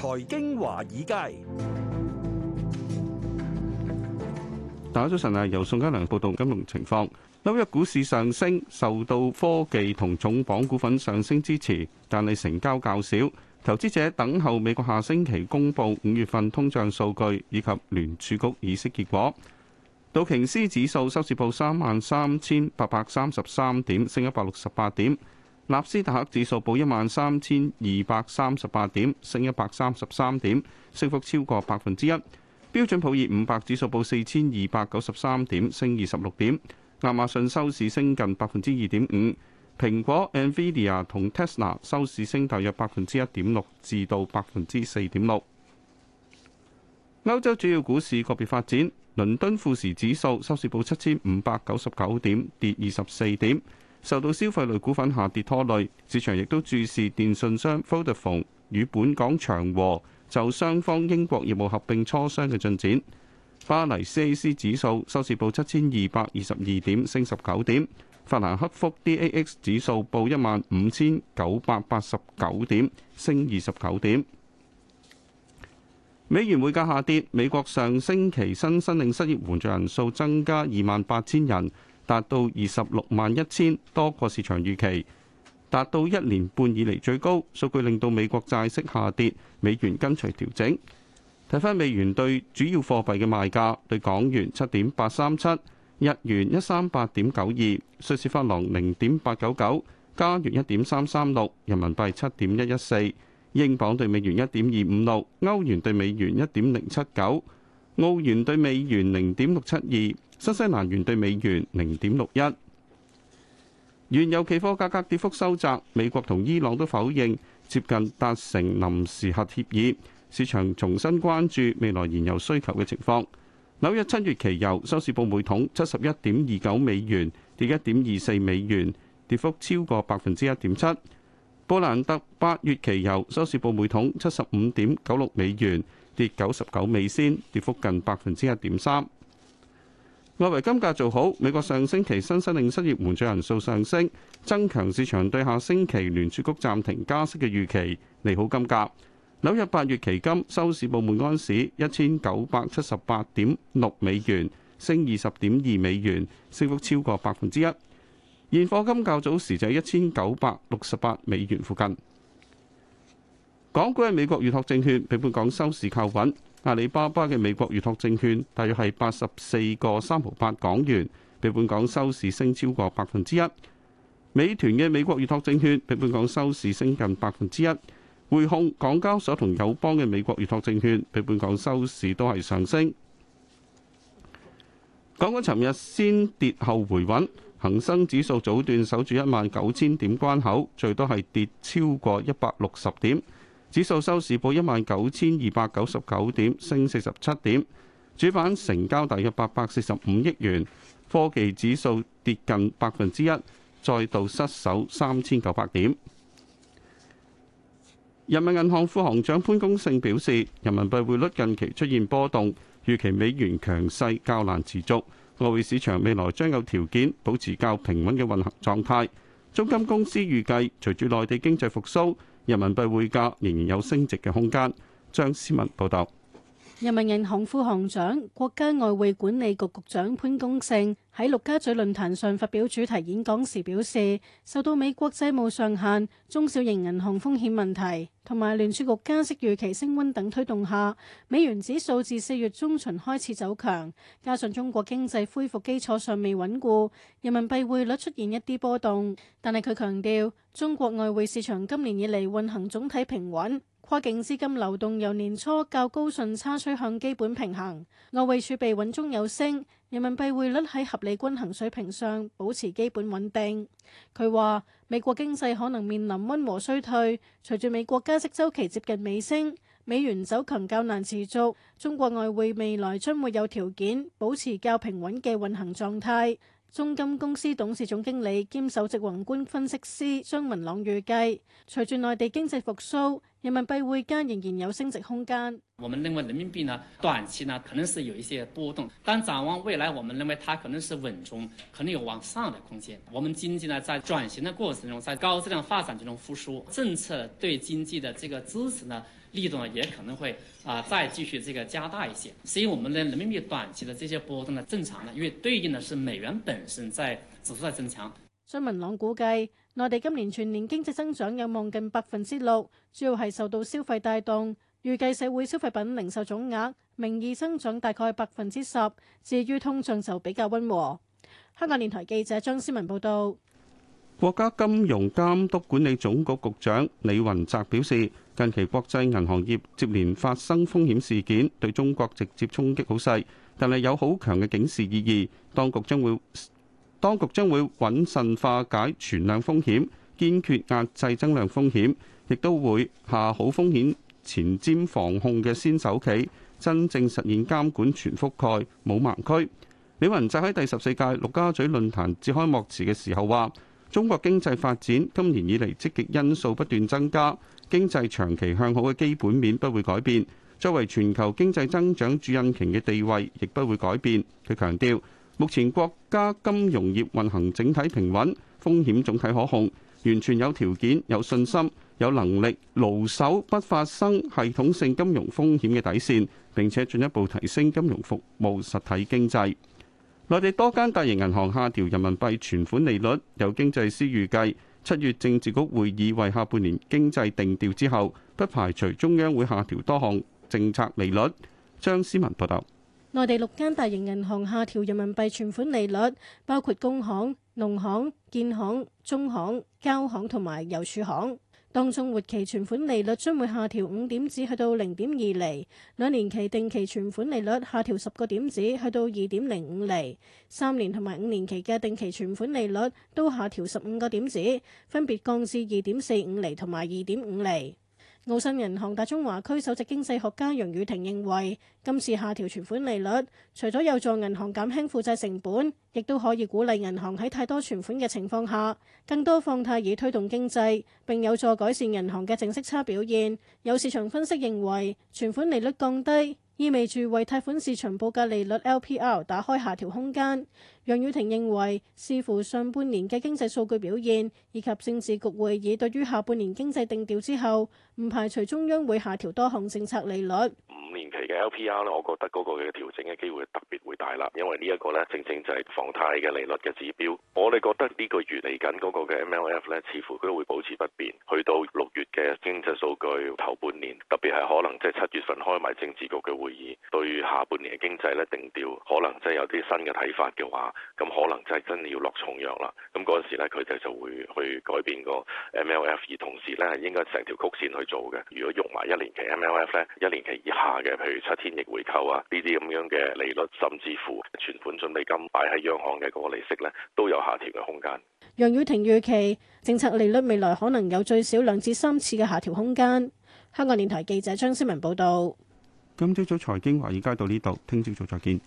財經華爾街，大家早晨啊，由宋嘉良報道金融情況。周一股市上升，受到科技同重磅股份上升支持，但係成交較少。投資者等候美國下星期公布五月份通脹數據，以及聯儲局議息結果。道瓊斯指數收市報三萬三千八百三十三點，升一百六十八點。納斯達克指數報一萬三千二百三十八點，升一百三十三點，升幅超過百分之一。標準普爾五百指數報四千二百九十三點，升二十六點。亞馬遜收市升近百分之二點五，蘋果、NVIDIA 同 Tesla 收市升大約百分之一點六至到百分之四點六。歐洲主要股市個別發展，倫敦富時指數收市報七千五百九十九點，跌二十四點受到消費類股份下跌拖累，市場亦都注視電信商 Vodafone 與本港長和就雙方英國業務合併磋商嘅進展。巴黎 CAC 指數收市報七千二百二十二點，升十九點。法蘭克福 DAX 指數報一萬五千九百八十九點，升二十九點。美元匯價下跌，美國上星期新申領失業援助人數增加二萬八千人。達到二十六萬一千，多過市場預期，達到一年半以嚟最高，數據令到美國債息下跌，美元跟隨調整。睇翻美元對主要貨幣嘅賣價，對港元七點八三七，日元一三八點九二，瑞士法郎零點八九九，加元一點三三六，人民幣七點一一四，英鎊對美元一點二五六，歐元對美元一點零七九，澳元對美元零點六七二。新西蘭元兌美元零點六一，原油期貨價格跌幅收窄。美國同伊朗都否認接近達成臨時核協議，市場重新關注未來燃油需求嘅情況。紐約七月期油收市報每桶七十一點二九美元，跌一點二四美元，跌幅超過百分之一點七。布蘭特八月期油收市報每桶七十五點九六美元，跌美跌，跌九十九美仙，跌幅近百分之一點三。外圍金價做好，美國上星期新申領失業援助人數上升，增強市場對下星期聯儲局暫停加息嘅預期，利好金價。紐約八月期金收市報每安士一千九百七十八點六美元，升二十點二美元，升幅超過百分之一。現貨金較早時就係一千九百六十八美元附近。港股喺美國預託證券比本港收市靠穩。阿里巴巴嘅美國預託證券，大約係八十四個三毫八港元，比本港收市升超過百分之一。美團嘅美國預託證券，比本港收市升近百分之一。匯控、港交所同友邦嘅美國預託證券，比本港收市都係上升。港股尋日先跌後回穩，恒生指數早段守住一萬九千點關口，最多係跌超過一百六十點。指數收市報一萬九千二百九十九點，升四十七點。主板成交大約八百四十五億元。科技指數跌近百分之一，再度失守三千九百點。人民銀行副行長潘功勝表示，人民幣匯率近期出現波動，預期美元強勢較難持續，外匯市場未來將有條件保持較平穩嘅運行狀態。中金公司預計，隨住內地經濟復甦，人民幣匯價仍然有升值嘅空間，張思文報道。人民銀行副行長、國家外匯管理局局長潘功勝喺陸家嘴論壇上發表主題演講時表示，受到美國債務上限、中小型銀行風險問題同埋聯儲局加息預期升溫等推動下，美元指數自四月中旬開始走強，加上中國經濟恢復基礎尚未穩固，人民幣匯率出現一啲波動。但係佢強調，中國外匯市場今年以嚟運行總體平穩。跨境資金流動由年初較高順差趨向基本平衡，外匯儲備穩中有升，人民幣匯率喺合理均衡水平上保持基本穩定。佢話：美國經濟可能面臨溫和衰退，隨住美國加息周期接近尾聲，美元走強較難持續。中國外匯未來將會有條件保持較平穩嘅運行狀態。中金公司董事總經理兼首席宏觀分析師張文朗預計，隨住內地經濟復甦。人民幣匯價仍然有升值空間。我們認為人民幣呢短期呢可能是有一些波動，但展望未來，我們認為它可能是穩中，可能有往上的空間。我們經濟呢在轉型的過程中，在高質量發展之中復甦，政策對經濟的這個支持呢力度呢也可能會啊再繼續這個加大一些。所以我們的人民幣短期的這些波動呢，正常呢，因為對應的是美元本身在指數在增強。張文朗估計。內地今年全年經濟增長有望近百分之六，主要係受到消費帶動。預計社會消費品零售總額名義增長大概百分之十。至於通脹就比較溫和。香港電台記者張思文報導。國家金融監督管理總局局長李雲澤表示，近期國際銀行業接連發生風險事件，對中國直接衝擊好細，但係有好強嘅警示意義。當局將會當局將會穩慎化解存量風險，堅決壓制增量風險，亦都會下好風險前瞻防控嘅先手棋，真正實現監管全覆蓋、冇盲區。李雲澤喺第十四屆陸家嘴論壇致開幕詞嘅時候話：中國經濟發展今年以嚟積極因素不斷增加，經濟長期向好嘅基本面不會改變，作為全球經濟增長主引擎嘅地位亦不會改變。佢強調。目前國家金融業運行整體平穩，風險總體可控，完全有條件、有信心、有能力牢守不發生系統性金融風險嘅底線，並且進一步提升金融服務實體經濟。內地多間大型銀行下調人民幣存款利率。有經濟師預計，七月政治局會議為下半年經濟定調之後，不排除中央會下調多項政策利率。張思文報道。內地六間大型銀行下調人民幣存款利率，包括工行、農行、建行、中行、交行同埋郵儲行。當中活期存款利率將會下調五點子去到零點二厘，兩年期定期存款利率下調十個點子去到二點零五厘。三年同埋五年期嘅定期存款利率都下調十五個點子，分別降至二點四五厘同埋二點五厘。澳新銀行大中華區首席經濟學家楊宇霆認為，今次下調存款利率，除咗有助銀行減輕負債成本，亦都可以鼓勵銀行喺太多存款嘅情況下，更多放貸以推動經濟，並有助改善銀行嘅淨息差表現。有市場分析認為，存款利率降低，意味住為貸款市場報價利率 LPR 打開下調空間。楊宇霆認為，視乎上半年嘅經濟數據表現，以及政治局會議對於下半年經濟定調之後，唔排除中央會下調多項政策利率。五年期嘅 LPR 咧，我覺得嗰個嘅調整嘅機會特別會大啦，因為呢一個正正就係房貸嘅利率嘅指標。我哋覺得呢個月嚟緊嗰個嘅 MLF 咧，似乎都會保持不變。去到六月嘅經濟數據頭半年，特別係可能即係七月份開埋政治局嘅會議，對下半年嘅經濟定調，可能即係有啲新嘅睇法嘅話。咁可能就真要落重藥啦，咁嗰時呢，佢哋就會去改變個 MLF，而同時呢，係應該成條曲線去做嘅。如果用埋一年期 MLF 呢，一年期以下嘅，譬如七天逆回購啊，呢啲咁樣嘅利率，甚至乎存款準備金擺喺央行嘅嗰個利息呢，都有下調嘅空間。楊雨婷預期政策利率未來可能有最少兩至三次嘅下調空間。香港電台記者張思文報道。今朝早財經華爾街到呢度，聽朝早再見。